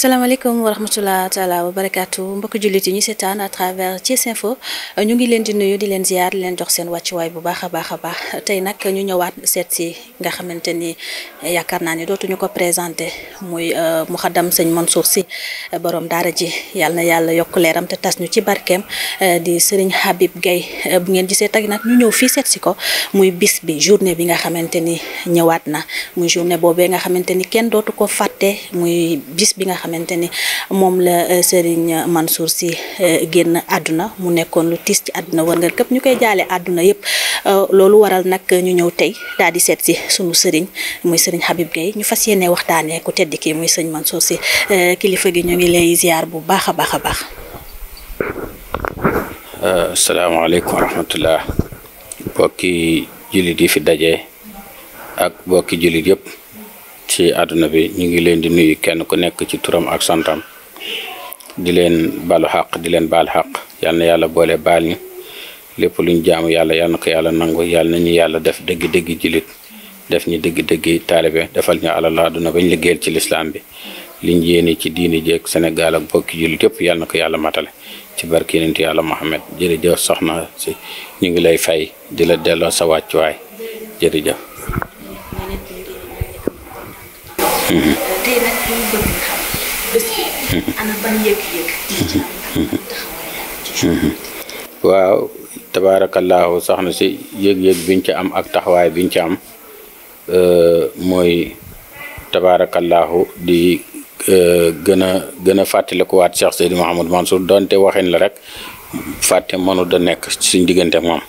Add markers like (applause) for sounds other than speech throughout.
salaamaaleykum wa rahmatulah taalaa wa barakaatu mbokk jullit yi ñu seetaan à travers Thiès Info ñu ngi leen di nuyu di leen ziar di leen jox seen wàccuwaay bu baax a baax a baax tey nag ñu ñëwaat seet si nga xamante ni yaakaar naa ne dootuñu ko présenté muy euh, muxadam sëñ Mansour si borom daara ji yàlla na yàlla yokk leeram te tas ci barkeem euh, di sëriñ Habib Guèye euh, bu ngeen gisee tey nag ñu ñëw fii seet si ko muy bis bi journée bi nga xamante ni ñëwaat na muy journée boobee nga xamante ni kenn dootu ko fàtte muy bis bi nga xamante ni moom la euh, Serigne Mansour si euh, génn àdduna mu nekkoon lu tiis ci àdduna war nga képp ñu koy jaale àdduna yépp euh, loolu waral nag ñu ñëw tey daal seet si sunu sëriñ muy sëriñ Habib Gueye ñu fas yéene waxtaanee ku tedd kii muy sëriñ Mansour si kilifa gi ñu ngi lay ziar bu baax a baax a baax. asalaamaaleykum wa rahmatullah mbokki jullit yi fi daje ak mbokki jullit yëpp. ci àdduna bi ñu ngi leen di nuyu kenn ku nekk ci turam ak santam di leen balu xaq di leen baal xaq yal na yàlla boole baal ñi lépp luñ jaamu yàlla yal na ko yàlla nangu yàlla nañu yàlla def dëgg-dëgg jullit def ñu dëgg-dëgg taalibe defal ñu alal àdduna bañ liggéeyal ci lislaam bi liñ yéene ci diini jeeg Sénégal ak bokki jullit yëpp yal na ko yàlla matale ci barke yàlla Muhammad jërëjëf soxna si ñu ngi lay fay di la delloo sa wàccuwaay jërëjëf tey nag dañu bëgg ci waaw tabaarakallaahu soxna si yëg-yëg biñ ci am ak taxawaay biñ ci am euh, mooy tabaarakallaahu di euh, gën a gën a fàttalikuwaat Cheikh Seydi Mouhamed Mansour donte waxin la rek fàtte mënu da nekk suñ diggante moom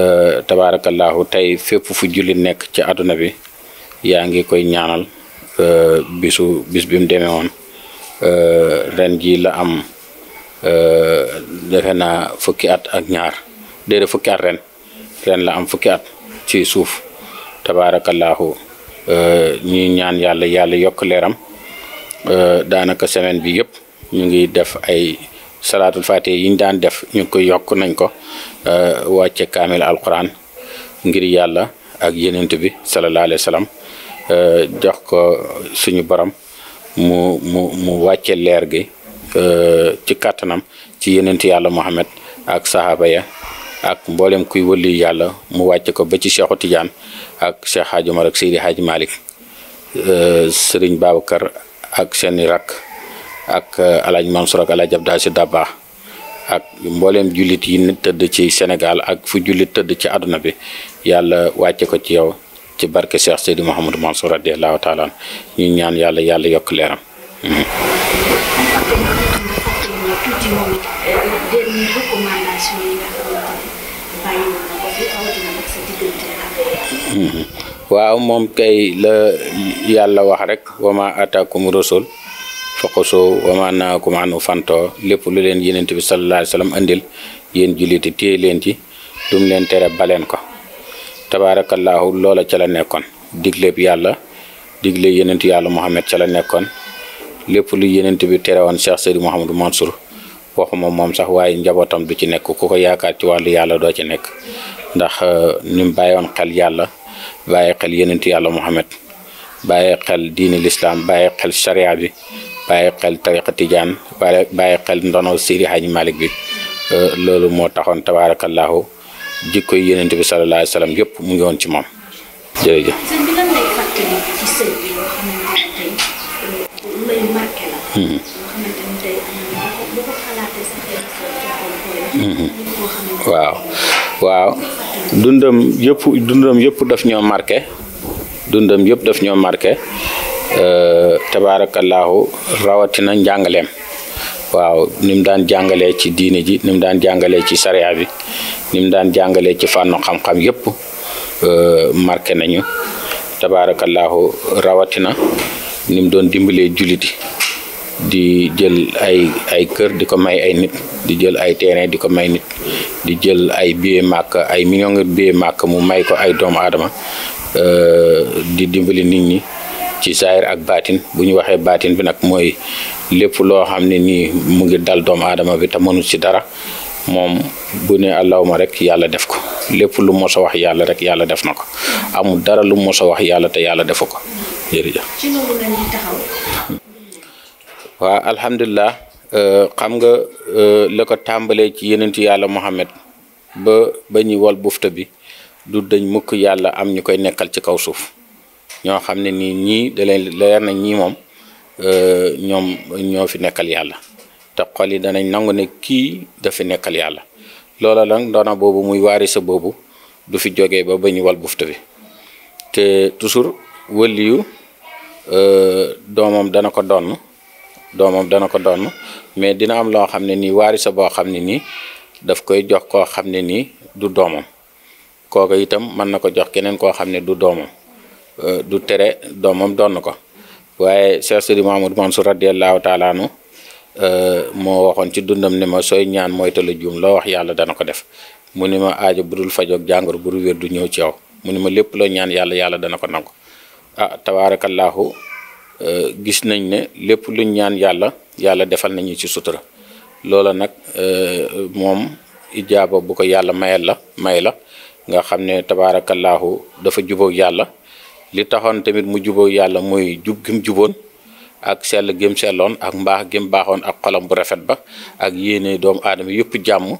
euh, tabaarakallaahu tey fépp fu jullit nekk ci àdduna bi yaa ngi koy ñaanal Euh, bisu bis bi mu demee woon euh, ren ji la am euh, defe naa fukki at ak ñaar déedéet fukki at ren ren la am fukki at ci suuf tabaarakallaahu ñuy ñaan yàlla yàlla yokk leeram daanaka semaine bi yëpp ñu ngi def ay salaatul fatiha yi daan def ñu ko yokk nañ ko wàcce kaamil alquran ngir yàlla ak yenent bi sallallahu alayhi wa Euh, jox ko suñu baram mu mu mu wàcce leer gi euh, ci kàttanam ci yenent yàlla Muhammad ak sahaba ya ak mboolem kuy wëli yàlla mu wàcce ko ba ci Cheikhu Tidiane ak Cheikh Hadj Omar ak Seydi Hadj Malick euh, Serigne Babacar ak seeni rak ak alaaj Mansour ak alaaj Abdou Aziz Dabakh ak mboolem jullit yi tëdd ci Sénégal ak fu jullit tëdd ci àdduna bi yàlla wàcce ko ci yow ci barke Cheikh Seydi Mouhamadou Mansour radiyallahu taala ñu ñaan yàlla yàlla yokk leeram mhm. Mhm. waaw moom kay la yàlla wax rek wama ataakum rasul faqusoo wama naakum anu fantoo lépp lu leen yenent bi sallallahu alayhi wa sallam andil yéen julliti téye leen ci baleen ko tabaarakallaahu loola ca la nekkoon digleeb yàlla digle yenent yàlla Muhammad ca la nekkoon lépp lu yenent bi terewoon Cheikh Seydi Mouhamadou Mansour waxuma moom sax waaye njabootam du ci nekk ko ko yaakaar ci wàllu yàlla doo ci nekk ndax euh, ni mu bàyyoon xel yàlla bàyyi xel yenent yàlla Muhammad bàyyi xel diini lislaam bàyyi xel charia bi bàyyi xel tariqa tijaan bàyyi xel ndono Seydi Hadji Malick bi euh, loolu moo taxoon tabaarakallaahu jikko yi Yonent bi sallallahu alayhi mu ngi woon ci moom jërëjëf. Hmm. waaw waaw dundam yëpp dundam yëpp daf ñoo marqué dundam yëpp daf ñoo marqué euh, tabaarakallaahu rawatina njàngaleem. waaw ni mu daan jàngalee ci diine ji ni daan jàngalee ci sariya bi ni daan jàngalee ci fànn xam-xam yépp euh, marqué nañu tabaarakallaahu rawatina ni doon dimbalee jullit di jël ay ay kër di ko may ay nit di jël ay terrain di ko may nit di jël ay billet màkk ay million billet màkk mu may ko ay doomu aadama euh, di dimbali nit ñi ci saayir ak baatin bu ñu waxee baatin bi nag mooy lépp loo xam ne nii mu dal doomu aadama bi te mënu ci dara moom bu ne allahuma rek yàlla def ko lépp lu mos a wax yàlla rek yàlla def na ko amul dara lu mos a wax yàlla te yàlla defu ko waaw alhamdulilah euh, xam nga euh, la ko tàmbalee ci yeneen ci yàlla Muhammad ba ba ñuy wal bufta bi du dañ mukk yàlla am ñu koy nekkal ci kaw suuf ñoo xam ne nii ñii da leen ñii moom. Euh, ñoom ñoo fi nekkal yàlla te xol yi danañ nangu ne kii dafi nekkal yàlla loola nag doona boobu muy waari sa boobu du fi jóge ba ba ñu wal bufta bi te toujours wëliyu euh, doomam dana ko donn doomam dana ko donn mais dina am loo xam ne nii waari sa boo xam ne nii daf koy jox koo xam ne nii du doomam kooku itam mën na ko jox keneen koo xam ne du doomam euh, du tere doomam donn ko waaye Cheikh Sidi Mahamadou Mansour radiyallahu taala anu euh, moo waxoon ci dundam ni ma sooy ñaan mooy tala juum loo wax yàlla dana ko def mu ni ma aajo budul fajoog jàngoro bu wér du ñëw ci yow mu ni ma lépp loo ñaan yàlla yàlla dana ko nangu ah tabaarakallaahu euh, gis nañ ne lépp luñ ñaan yàlla yàlla defal nañu ci sutura loola nag euh, moom ijaaba bu ko yàlla mayal la may la nga xam ne tabaarakallaahu dafa jubóog yàlla li taxoon tamit mu juboo yàlla mooy jub gim juboon ak sell gim selloon ak mbaax gim baaxoon ak xolam bu rafet ba ak yéene doom aadama yépp jàmm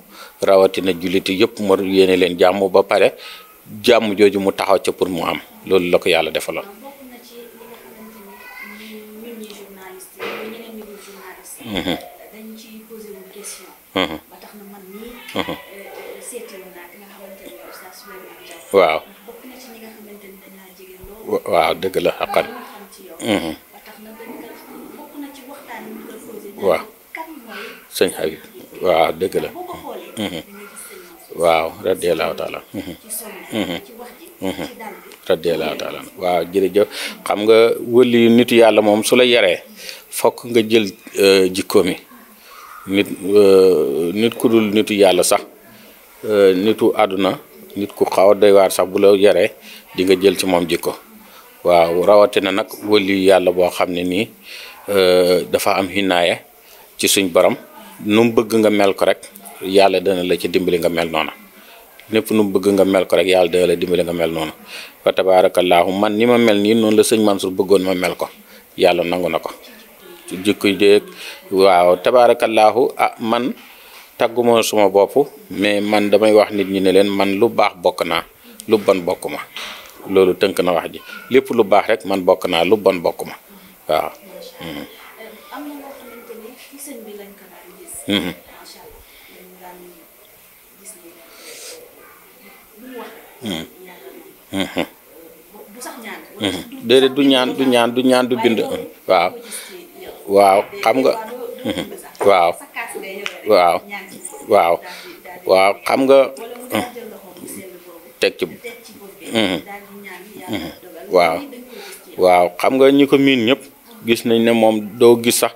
rawatina julliti yépp mu yéene leen jàmm ba pare jàmm jooju mu taxaw ca pour mu am loolu la ko yàlla defaloon. Mm-hmm. Mm-hmm. Mm-hmm. Eh, eh, waaw. waaw dëgg la xaqan mhm. waaw sëñ Habib mhm. mhm. xam nga wëli yu yàlla moom su la yaree fokk nga jël euh, jikkoom yi nit euh, nit ku dul nitu yàlla sax euh, nitu àdduna nit ku xaw a doy waar sax bu la yaree di jël ci moom jikko waaw rawatina nag wëli yàlla boo xam ne nii euh, dafa am xinaaya ci suñ borom nu bëgg nga mel ko rek yàlla dana la ci dimbali nga mel noona lépp nu bëgg nga mel ko rek yàlla dana la dimbali nga mel noona fa tabaarakallaahu man ni ma mel nii noonu la sëñ Mansour bëggoon ma mel ko yàlla nangu na ko jikko jéeg waaw tabaarakallaahu ah man tagguma suma bopp mais man damay wax nit ñi ne leen man lu baax bokk naa lu bon bokk ma loolu tënk na wax ji lépp lu baax rek man bokk naa lu bon bokk ma waaw. Mhm. Mhm. Mhm. ñaan. déedéet du ñaan du ñaan du ñaan du bind. waaw xam nga. waaw waaw xam nga. teg ci. waaw waaw xam nga ñi ko miin ñëpp gis nañ ne moom doo gis sax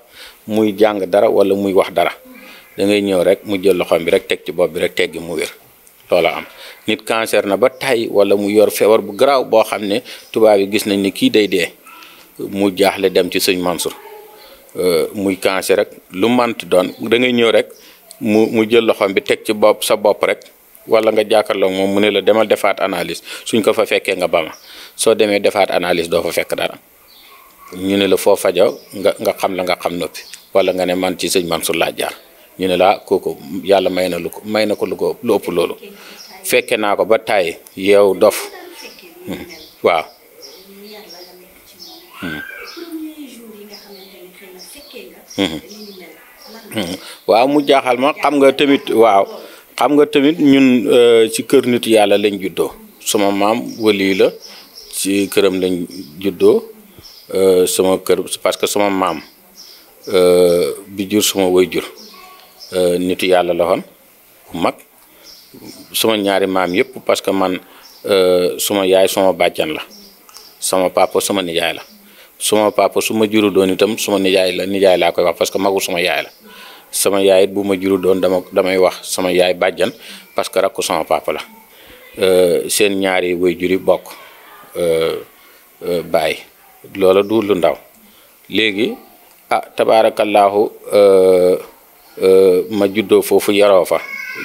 muy jàng dara wala muy wax dara dangay ñëw rek mu jël loxoom bi rek teg ci bopp bi rek teggi mu wér loola am nit cancer na ba tay wala mu yor feebar bu garaaw boo xam ne tubaab yi gis nañ ne kii day dee mu jaaxle dem ci sëñ Mansour euh, muy cancer rek lu mant doon da ngay ñëw rek mu mu jël loxoom bi teg ci bopp sa bopp rek wala nga jàkkaarloog moom mu ne la demal defaat analyse suñ ko fa fekkee nga bama soo demee defaat analyse doo fa fekk dara ñu ne la foo fajo nga xam la nga xam noppi wala nga ne man ci sëñ Mansour laa jaar ñu ne la kooku yàlla may na lu ko may na ko lu ko lu loolu fekke naa ko ba tàyyi yow dof waaw waaw mu jaaxal ma xam nga tamit waaw xam nga tamit ñun euh, ci kër nit yàlla lañ juddoo sama maam wali la ci këram lañ juddoo euh, sama kër parce que sama maam euh, bi jur suma way jur nit yàlla la woon bu mag suma ñaari maam yëpp parce que man suma yaay sama bàjjan la sama papa sama nijaay la sama papa su ma juru doon itam sama nijaay la nijaay laa koy wax parce que magu sama yaay la sama yaay it bu ma juru doon dama damay wax sama yaay bàjjan parce que rakku sama papala la euh, seen ñaari way juri bokk euh, euh, baay loola du lu ndaw léegi a ah, tabaarakallaahu ma juddoo foofu yaroo fa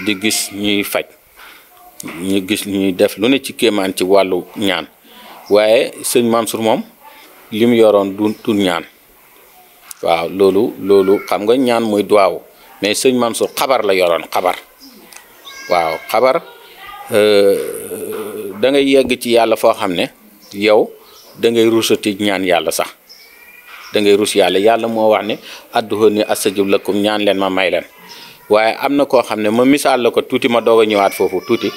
di gis ñuy faj ñu gis ñuy def lu ne ci kéemaan ci wàllu ñaan waaye sëñ Mansour moom li mu yoroon du du ñaan waaw loolu loolu xam nga ñaan mooy duwaaw mais sëñ Mansour xabar la yoroon xabar waaw xabar euh, da ngay yegg ci yàlla foo xam ne yow dangay ngay ruusati ñaan yàlla sax da ngay ruus yàlla yàlla moo wax ne ud'uuni astajib lakum ñaan leen ma may leen waaye am na koo xam ne ma misaal la ko tuuti ma doog ñëwaat foofu tuuti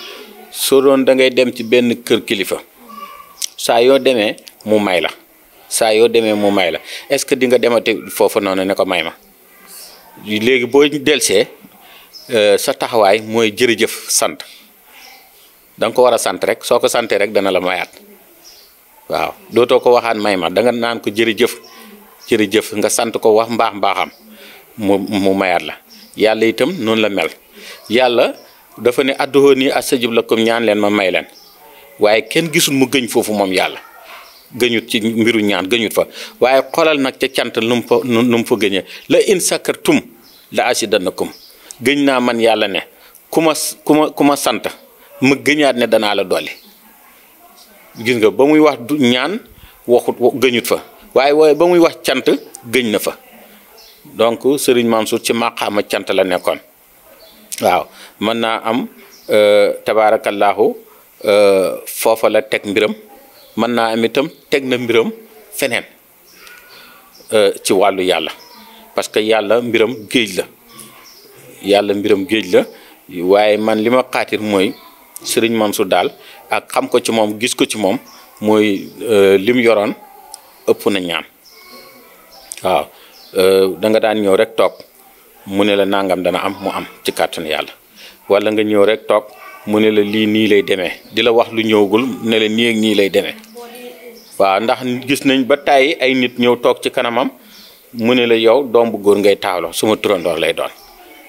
soo doon da ngay dem ci benn kër kilifa saa yoo demee mu may la. saa yoo demee mu may la est-ce que di nga demati foofu noonu ne ko may ma léegi boo delsee euh, sa taxawaay mooy jërëjëf sant da ko war a sant rek soo ko santee rek dana la mayaat waaw dootoo ko waxaan may ma danga naan ko jërëjëf jërëjëf nga sant ko wax mbaax mbaaxam mu mu mayaat la yàlla yitam noonu la mel yàlla dafa ne adduhoo nii la lakum ñaan leen ma may leen waaye kenn gisul mu gëñ foofu moom yàlla gëñut ci mbiru ñaan gëñut fa waaye xoolal nag ca cant nu mu fa nu mu fa gëñee la in sakartum la asidanakum gëñ naa man yàlla ne ku ma ku ma ku sant ma gëñaat ne danaa la doole gis nga ba muy wax du ñaan waxut gëñut fa waaye waaye ba muy wax cant gëñ na fa donc Serigne Mansour ci maqaama cant la nekkoon waaw mën naa am euh, tabaarakallaahu euh, foofa la teg mbiram mën naa am itam teg na mbiram feneen euh, ci wàllu yàlla parce que yàlla mbiram géej la yàlla mbiram géej la waaye man li ma xaatir mooy man Mansour daal ak xam ko ci moom gis ko ci moom mooy euh, lim yoroon ëpp na ñaan waaw euh, da nga daan ñëw rek toog mu ne la nangam dana am mu am ci kàttanu yàlla wala nga ñëw rek toog mu ne la lii nii lay demee di la wax lu ñëwagul ne la nii nii lay demee waaw ndax gis nañ ba tàyyi ay nit ñëw toog ci kanamam mu ne la yow doom bu góor ngay taaloo suma turandoo lay doon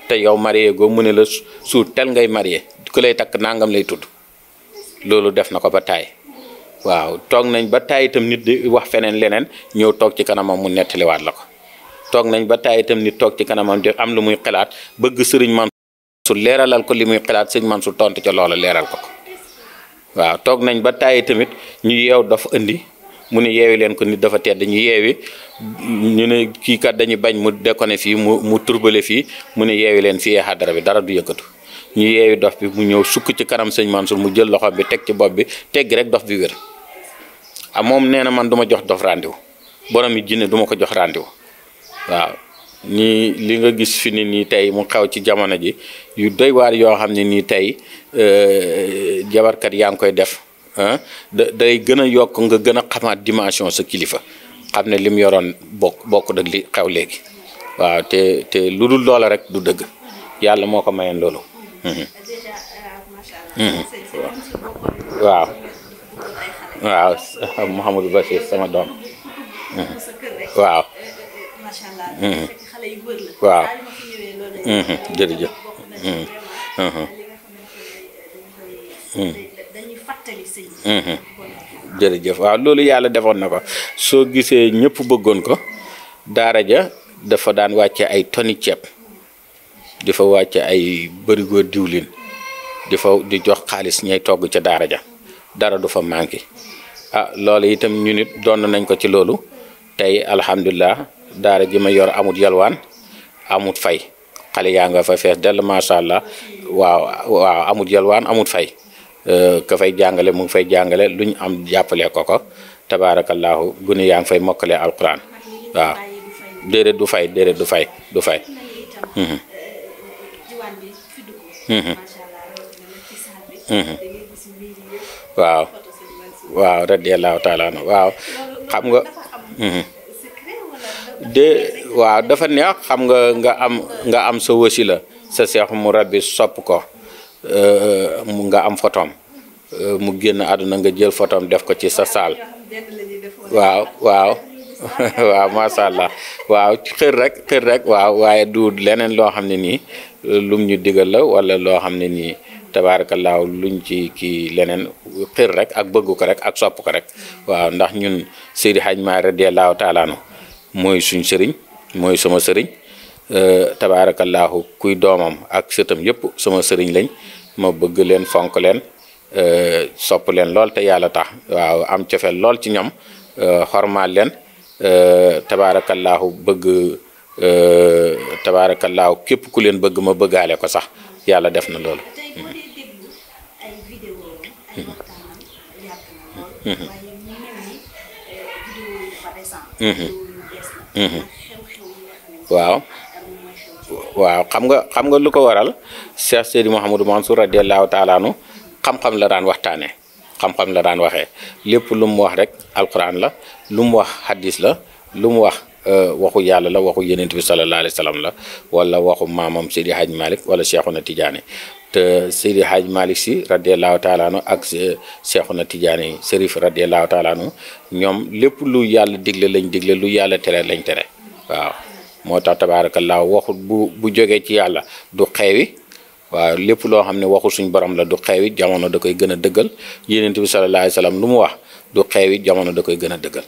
te yow marié goo mu ne la suur tel ngay marié ku lay takk nangam lay tudd loolu def na ko ba tàyyi waaw toog nañ ba tàyyi itam nit di wax feneen leneen ñëw toog ci kanamam mu nettaliwaat la ko toog nañ ba tàyyi itam toog ci kanamam di am lu muy xalaat bëgg sëriñ Mansour leeralal ko li muy xalaat sëriñ Mansour tontu ca loola leeral ko ko waaw nañ ba tàyyi tamit ñu yeew dafa indi mu ne yeewi leen ko nit dafa tedd ñu yeewi ñu ne kii kat dañuy bañ mu déconné fii mu mu turbale fii mu ne yeewi leen fii xadara bi dara du yëkkatu ñu yeewi dof bi mu ñëw sukk ci kanam sëñ Mansour mu jël loxo bi teg ci bopp bi teggi rek dof bi wér ah moom nee na man duma jox dof rendez-vous borom yi jinne duma ko jox rendez-vous waaw nii li nga gis fi ni nii tey mu xew ci jamono ji yu doy waar yoo xam ne nii tey euh, jabarkat yaa ngi koy def da day gëna yokk nga gën a xamaat dimension sa kilifa xam ne lim yoroon bokk bokk dëgg li xew léegi waaw te lu dul loola rek du dëgg yàlla moo ko mayeen loolu. Mhm. Mhm. waaw waaw (laughs) Mouhamadou Bachir sama doom mhm. waaw waaw jërëjëf fàttali mhm. jërëjëf waaw loolu yàlla defoon na ko soo gisee ñëpp bëggoon ko daara ja dafa daan wàcce ay toni ceeb di fa wàcce ay bërigo diwlin di fa di jox xaalis ñay togg ca daara ja dara du fa manqué ah loolu itam ñu nit doon nañ ko ci loolu tey alhamdulilah daara ji ma yor amut yalwaan amut fay xale yaa nga fa fees dell macha allah waaw waaw amut yalwaan amut fay Euh, ka fay jàngale mu fay jàngale lu am jàppale ko ko tabaarakallaahu gune yaa ngi fay mokkale alquran waaw déedéet du fay déedéet du fay du fay. Mhm. Mhm. Mhm. waaw waaw radiallahu waaw xam nga de waaw dafa neex xam nga nga am nga am sa wasi sa seexu mu rabbi sopp ko Euh, mu nga am photom euh, mu génn àdduna nga jël photom def ko ci sa saal waaw waaw (laughs) waaw macha allah rek xër rek waaw waaye du leneen loo xam ne nii lum ñu digal la wala loo xam ne nii tabaarakallaahu luñ ci kii leneen xër rek ak bëgg ko rek ak sopp ko rek waaw ndax ñun Seydi Hajj Maalik radiyallaahu taala anhu mooy suñ sëriñ mooy sama sëriñ Euh, tabaarakallaahu kuy doomam ak sëtam yépp sama sëriñ lañ ma bëgg leen fonk leen euh, sopp leen lool te yàlla tax waaw am cofeel lool ci ñoom euh, xormaal leen tabaarakallaahu bëgg tabaarakallaahu képp ku leen bëgg ma bëggaale ko sax yàlla def na loolu. waaw. waaw xam nga xam nga lu ko waral Cheikh Seydi Mouhamadou Mansour radiallahu taala anu xam-xam la daan waxtaane xam-xam la daan waxee lépp lu mu wax rek alquran la lu mu wax hadis la lu mu wax euh, waxu yàlla la waxu yenent bi sallallahu alayhi wa la wala waxu maamam Seydi Hadj Malick wala Cheikhuna Tidiane te Seydi Hadj Malick si radiallahu taala anu ak euh, Cheikhuna Tidiane Serif radiallahu taala anu ñoom lépp lu yàlla digle lañ digle lu yàlla tere lañ tere waaw moo tax tabaarakallaa waxut bu bu jógee ci yàlla du xeewi waaw lépp loo xam ne waxul suñ borom la du xeewi jamono da koy gën a dëggal yonent bi sallallahu alayhi wa sallam lu mu wax du xeewi jamono da koy gën a dëggal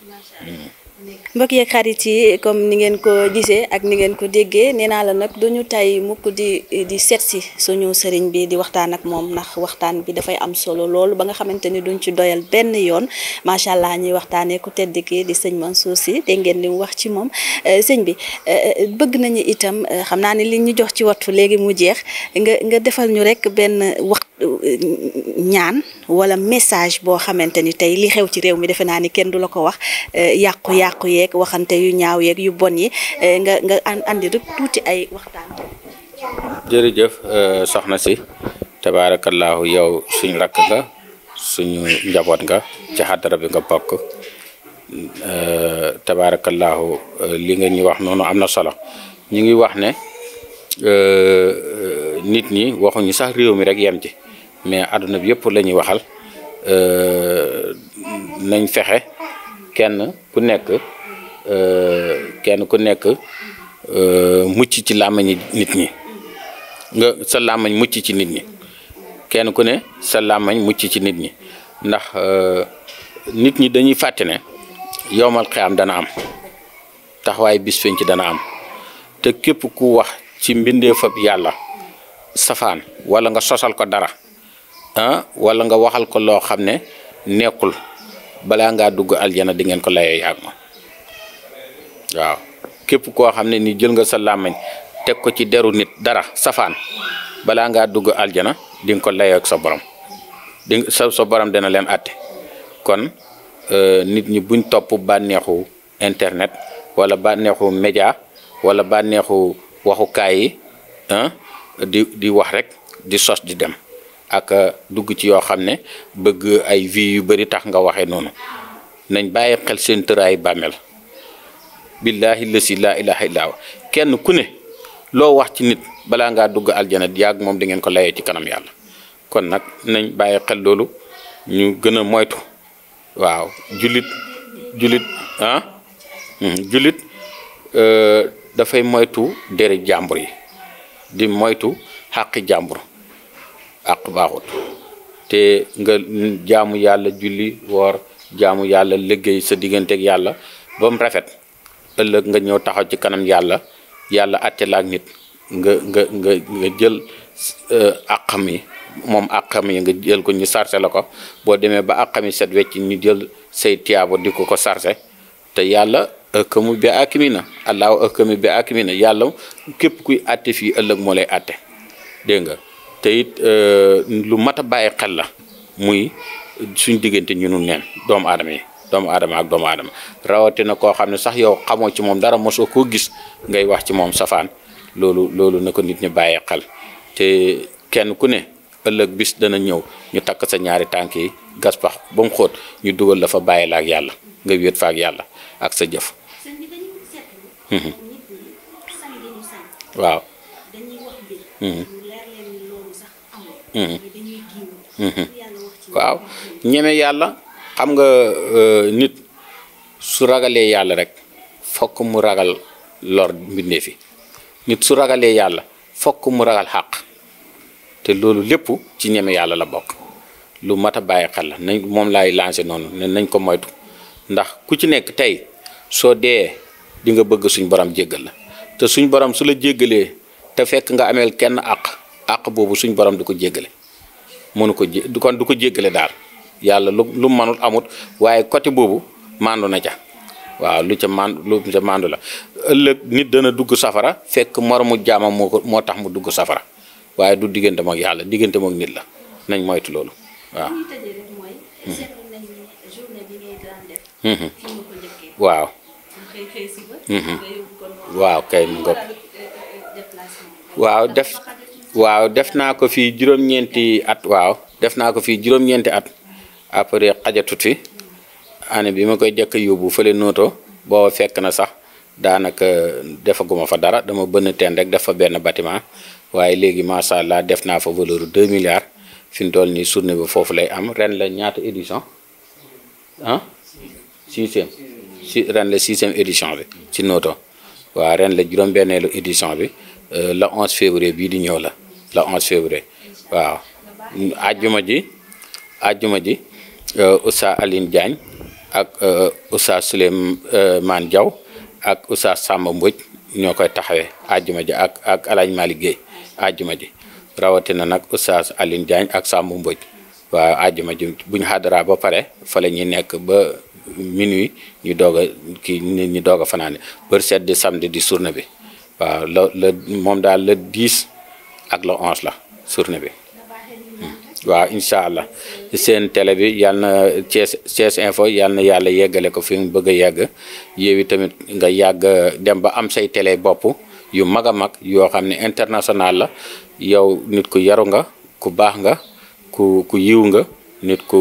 mbokk yeeg xarit yi comme ni ngeen ko gisee ak ni ngeen ko déggee nee naa la nag duñu tey mukk di di seet si suñu sëriñ bi di waxtaan ak moom ndax waxtaan bi dafay am solo loolu ba nga xamante ni duñ ci doyal benn yoon macha allah ñuy waxtaanee ku tedd ki di sëñ Mansour Sy dégg ngeen li wax ci moom euh, sëñ bi euh, euh, bëgg nañu itam xam naa ni li ñu jox ci wattu léegi mu jeex nga nga defal ñu rek benn wax ñaan wala message boo xamante ni tey li xew ci réew mi defe naa ni kenn du la ko wax yàqu yàqu yàqu yeeg waxante yu ñaaw yeeg yu bon yi eh, nga nga andi rek tuuti ay waxtaan. jërëjëf eh, soxna si tabaarakallaahu yow suñ rakk nga suñu njaboot nga ci bi nga bokk eh, tabaarakallaahu li nga ñu wax noonu am na solo ñu ngi wax ne nit ñi waxuñu sax réew mi rek yem ci mais àdduna bi yëpp la ñuy waxal nañ fexe. kenn ku nekk euh, kenn ku nekk euh, mucc ci làmmiñ nit ñi nga sa làmmiñ mucc ci nit ñi kenn ku ne sa làmmiñ ci nit ñi ndax euh, nit ñi dañuy fàtte ne yowmal xiyaam dana am taxawaay bis feñ ci dana am te képp ku wax ci mbindeefab yàlla safaan wala nga sosal ko dara ah wala nga waxal ko loo xam ne nekkul balaa ngaa dugg aljana di ngeen ko layee ak ma waaw képp koo xam ne ni jël nga sa làmmiñ teg ko ci deru nit dara safaan balaa ngaa dugg aljana di ko layee ak sa borom di sa sa borom dina leen àtte kon euh, nit ñi buñ topp bànneexu internet wala bànneexu média wala bànneexu waxukaay yi di di wax rek di sos di dem ak euh, dugg ci yoo xam ne bëgg ay vie yu bari tax nga waxe noonu nañ bàyyi xel seen tëraayu bàmmeel billaahi lasi laa ilaaha illaa kenn ku ne loo wax ci nit balaa ngaa dugg aljana yàgg moom di ngeen ko layee ci kanam yàlla kon nag nañ bàyyi xel doolu ñu gën a moytu waaw julit julit ah hmm, jullit euh, dafay moytu dere jàmbur yi di moytu xàqi jàmbur àq baaxut te nga jaamu yàlla julli wor jamu yàlla liggéey sa digganteeg yàlla ba mu rafet ëllëg nga ñëw taxaw ci kanam yàlla yàlla àtte la nit nga nga nga jël euh, àqam yi moom àqam yi nga jël ko ñu sarse la ko boo demee ba àqam yi set wecc ñu jël say tiyaabo di ko ko sarse te yàlla ëkkamu bi akimi na allahu ëkkami bi akimi na yàlla képp kuy àtte fii ëllëg moo lay àtte dégg nga te it euh, lu mat a bàyyi xel la muy suñ diggante ñu nu neen doomu aadama yi doom aadama ak doomu aadama rawatina koo xam ne sax yow xamoo ci moom dara mosoo koo gis ngay wax ci moom safaan loolu loolu na ko nit ñi bàyyi xel te kenn ku ne ëllëg bis dana ñëw ñu takk sa ñaari tànk yi gas pax ba ñu dugal la fa bàyyi la yàlla nga wéet fa yàlla ak sa jëf. Mhm. waaw. Mm-hmm. Mm-hmm. waaw ñeme yàlla xam nga euh, nit su ragalee yàlla rek fokk mu ragal lor mbindee fi nit su ragalee yàlla fokk mu ragal xàq te loolu lépp ci ñeme yàlla la bokk lu mat a bàyyi xel la nañ moom lay lancé noonu ne nañ ko moytu ndax ku ci nekk tey soo dee di nga bëgg suñ borom jéggal la te suñ borom su la jéggalee te fekk nga ameel kenn àq àq boobu suñ boroom du ko jéggale mënu ko du ko jéggale daal yàlla lu lu manul amut waaye côté boobu mandu na ca waaw lu ca man lu la ëllëg nit dana dugg safara fekk moromu jaamam moo moo tax mu dugg safara waaye du diggante moog yàlla diggante moog nit la nañ moytu loolu waaw. Mhm. Mhm. Mhm. waaw. kay ngoog euh, euh, waaw def. waaw def naa ko fii juróom-ñeenti at waaw def naa ko fii juróom-ñeenti at après xajatut fi année bi ma koy jëkk yóbbu fële nooto booba fekk na sax daanaka defaguma fa dara dama bënn teen rek def fa benn bâtiment waaye léegi macha allah def naa fa valeur bu 2 milliards fi mu toll nii journée bi foofu lay am ren la ñaata édition ah sixième si ren la sixième édition bi si nooto waaw ren la juróom-benneelu édition bi Euh, le 11 février bii di ñëw la le 11 février waaw ajjuma ji ajjuma ji euh, Oussa Aline Diagne ak euh, Oussa Souleymane jaw ak Oussa Samba Mbodj ñoo koy taxawe ajjuma ji ak ak El Hadj Malick Guèye ji rawatina nag Oussa Aline Diagne ak Samba mboj waaw ajjuma ji bu ñu xaadaraa ba pare fa la ñuy nekk ba minuit ñu doog a kii nit ñi doog a fanaane bër set di samedi bi waaw la moom daal la 10 ak la 11 la journée bi hmm. waaw incha allah seen télé bi yàlla na Thiès info yàlla na yàlla yeggale ko fi mu bëgg a yegg yow tamit nga yàgg dem ba am say télé bopp yu mag a mag yoo xam ne international la yow nit ku yaru nga ku baax nga ku ku yiw nga nit ku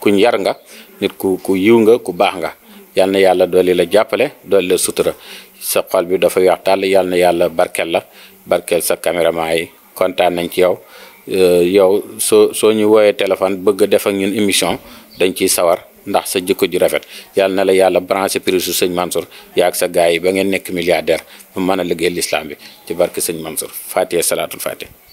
ku yar nga nit ku ku yiw nga ku baax nga yal na yàlla dooli la jàppale dooli la sutura sa xol bi dafa weex tàll yal na yàlla barkeel la barkel sa caméraman yi kontaan nañ ci yow euh, yow soo soo ñu woowee téléphone bëgg def ak ñun émission dañ ciy sawar ndax sa jikko ju rafet yàlla na la yàlla branché prix su sëñ Mansour yaag sa gars yi ba ngeen nekk milliardaire bu mën a liggéey l'islam bi ci barke sëñ Mansour Fatiha salaatul Fatiha